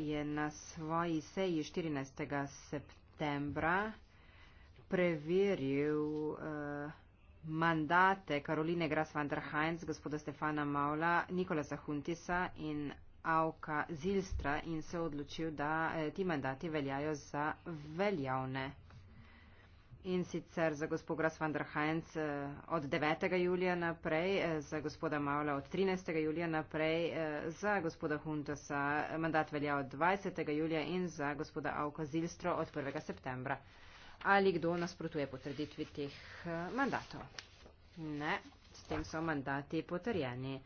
je na svoji seji 14. septembra preveril eh, mandate Karoline Gras van der Heinz, gospoda Stefana Maula, Nikolasa Huntisa in Avka Zilstra in se odločil, da eh, ti mandati veljajo za veljavne. In sicer za gospoda Svandrhajnc eh, od 9. julija naprej, eh, za gospoda Mavla od 13. julija naprej, eh, za gospoda Huntosa mandat velja od 20. julija in za gospoda Avka Zilstro od 1. septembra. Ali kdo nasprotuje potrditvi teh mandatov? Ne, s tem so mandati potrjeni.